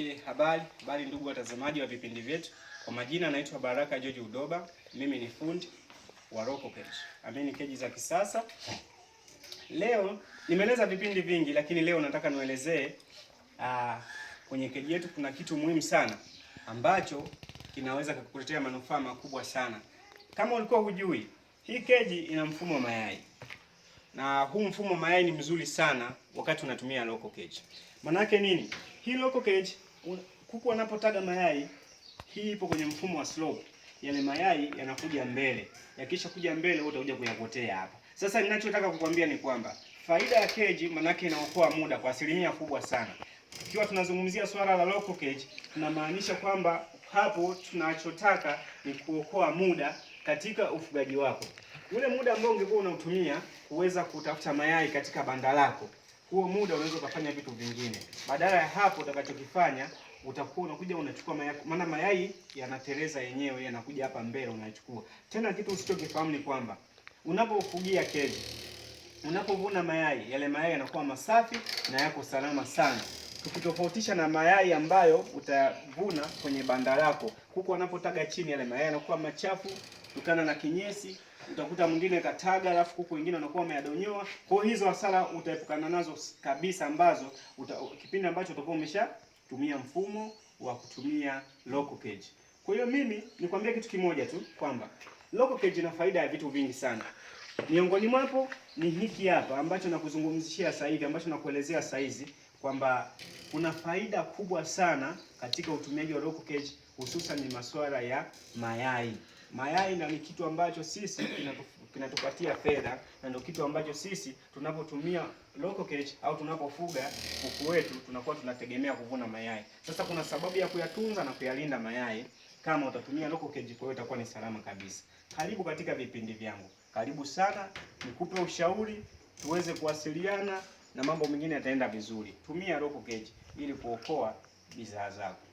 Okay, habari habari ndugu watazamaji wa vipindi vyetu. Kwa majina naitwa Baraka George Udoba, mimi ni fundi wa Roko Cage. Amini keji za kisasa. Leo nimeeleza vipindi vingi, lakini leo nataka nielezee ah, kwenye keji yetu kuna kitu muhimu sana ambacho kinaweza kukuletea manufaa makubwa sana. Kama ulikuwa hujui, hii keji ina mfumo wa mayai na huu mfumo wa mayai ni mzuri sana wakati unatumia Roko cage. Manake nini? Hii Roko cage kuku wanapotaga mayai, hii ipo kwenye mfumo wa slope. Yale mayai yanakuja mbele, yakisha kuja mbele wewe utakuja kuyapotea hapa. Sasa ninachotaka kukwambia ni kwamba faida ya keji manake inaokoa muda kwa asilimia kubwa sana. Ikiwa tunazungumzia swala la local cage, tunamaanisha kwamba hapo tunachotaka ni kuokoa muda katika ufugaji wako, ule muda ambao ungekuwa unautumia kuweza kutafuta mayai katika banda lako huo muda unaweza ukafanya vitu vingine. Badala ya hapo, utakachokifanya utakuwa unakuja unachukua mayai, maana mayai yanateleza yenyewe, yanakuja hapa mbele unachukua. Tena kitu usichokifahamu ni kwamba unapofugia keji, unapovuna mayai, yale mayai yanakuwa masafi na yako salama sana tukitofautisha na mayai ambayo utavuna kwenye banda lako. Kuku wanapotaga chini, yale mayai yanakuwa machafu kutokana na kinyesi. Utakuta mwingine kataga, alafu kuku wengine wanakuwa wameyadonyoa. Kwa hiyo hizo hasara utaepukana nazo kabisa, ambazo uta, kipindi ambacho utakuwa umeshatumia mfumo wa kutumia local cage. Kwa hiyo mimi nikwambia kitu kimoja tu kwamba local cage ina faida ya vitu vingi sana. Miongoni mwapo ni hiki hapa ambacho nakuzungumzishia sasa hivi, ambacho nakuelezea sasa hizi kwamba kuna faida kubwa sana katika utumiaji wa local cage, hususan ni masuala ya mayai. Mayai na ni kitu ambacho sisi kinatupatia fedha na ndio kitu ambacho sisi tunapotumia local cage au tunapofuga kuku wetu tunakuwa tunategemea kuvuna mayai. Sasa kuna sababu ya kuyatunza na kuyalinda mayai kama utatumia local cage, kwa hiyo itakuwa ni salama kabisa. Karibu katika vipindi vyangu, karibu sana, nikupe ushauri, tuweze kuwasiliana na mambo mengine yataenda vizuri. Tumia local cage ili kuokoa bidhaa zako.